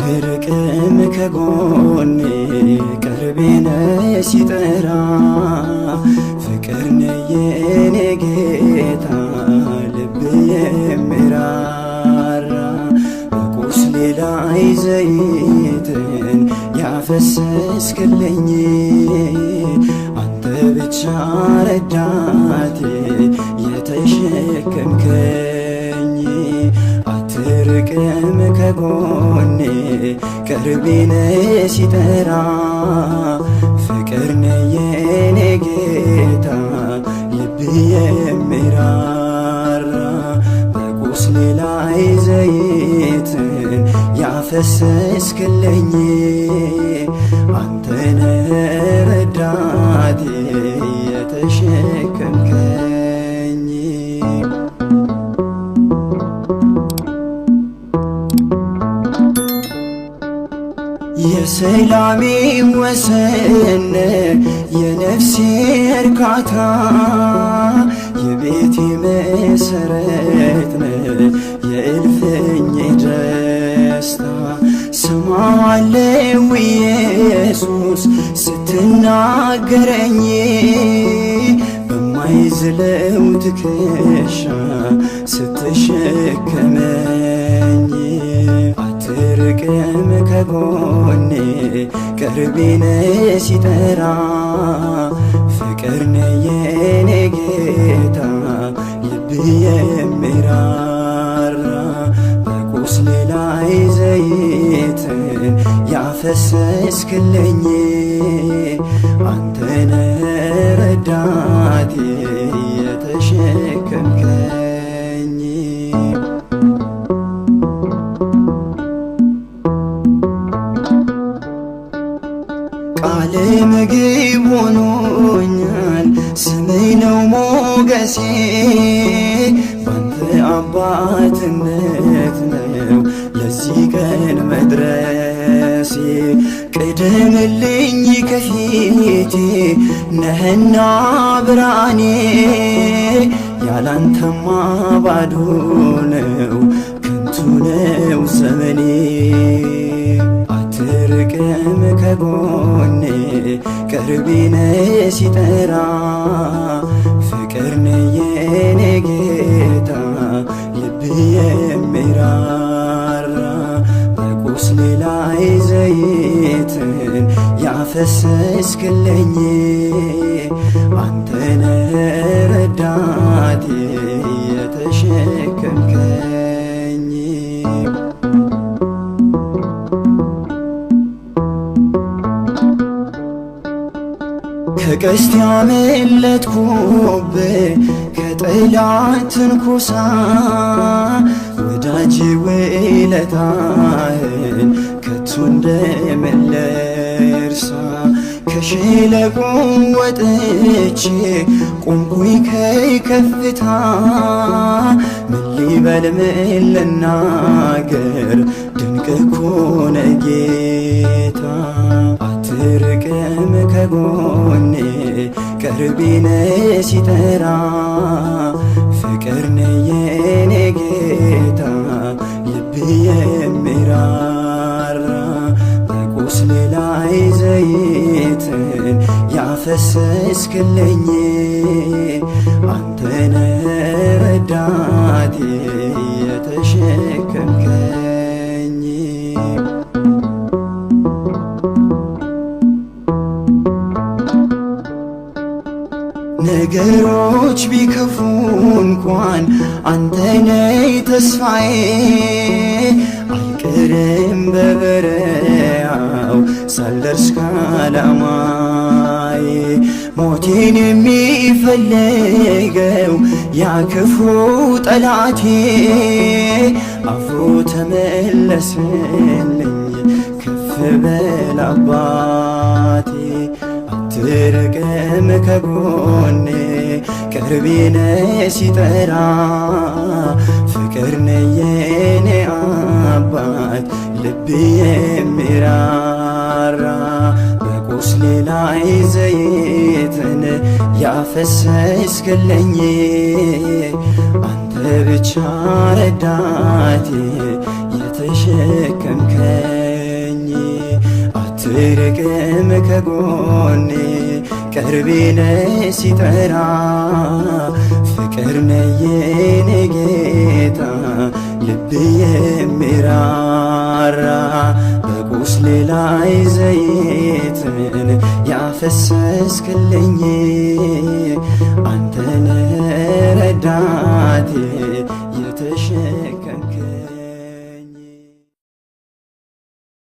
ትርቅም ከጎን ቅርቤ ነሽ ሲጠራ ፍቅር የኔ ጌታ ልብ የሚራራ በቁስሌ ላይ ዘይትን ያፈሰስክልኝ አንተ ብቻ ረዳቴ የተሸከምከ ፍቅርም ከጎኔ ቅርቤነ ሲጠራ ፍቅር ነየኔ ጌታ ልብ የሚራራ በቁስሌ ላይ ዘይትን ያፈሰስክልኝ አንተነ ረዳቴ የተሸ የሰላሜ ወሰን የነፍሴ እርካታ የቤቴ መሰረት የእልፍኝ ደስታ ስማዋለው ኢየሱስ ስትናገረኝ በማይዝለው ትከሻ ስትሸከመኝ ፍቅርም ከጎኔ ቅርቤን ሲጠራ ፍቅር ነየኔ ጌታ ልብ የሚራራ በቁስሌ ላይ ዘይትን ያፈሰስክልኝ አንተነ ረዳቴ ቃል ምግብ ሆኖኛል። ስምህ ነው ሞገሴ ባንተ አባትነት ነው ለዚህ ቀን መድረሴ። ቅደምልኝ ከፊቴ ነህና ብርሃኔ ያላንተማ ባዶ ነው ከንቱ ነው ዘመኔ። አትርቅም ከጎኔ ቅርቤ ሲጠራ ፍቅር ነየኔ ጌታ ልብ የሚራራ በቁስሌ ላይ ዘይትን ያፈሰስክልኝ አንተ ነህ ረዳቴ የተሸከምከኝ ከቀስት ያመለጥኩብ ከጠላት ትንኮሳ ወዳጅ ውለታህን ከቶ ከሸለቆ ወጥቼ ቆምኩኝ ከከፍታ ምን ልበል ምን ልናገር ድንቅ ኮነ ጌታ አትርቅም ከጎኔ ቅርቤ ነህ ሲጠራ ፍቅር ነህ የኔ ጌታ ልብ የሚራ ላይ ዘይት ያፈሰስክልኝ አንተነ ረዳቴ የተሸከምከኝ ነገሮች ቢከፉ እንኳን አንተ ነህ ተስፋዬ። አልቀርም በበረያው ሳልደርስ ካላማዬ። ሞቴን የሚፈለገው ያ ክፉ ጠላቴ አፍሮ ተመለስልኝ ከፍ በል አባቴ ፍቅርህም ከጎኔ ቅርቤ ሲጠራ ፍቅር ነህ የኔ አባት ልብ የሚራራ በቁስሌ ላይ ዘይትን ያፈሰስክልኝ አንተ ብቻ ረዳቴ የተሸከምከኝ አትርቅም ከጎ ቅርቤነ ሲጠራ ፍቅር ነየኔ ጌታ ልብ የሚራራ በቁስሌ ላይ ዘይትን ያፈሰስክልኝ አንተነ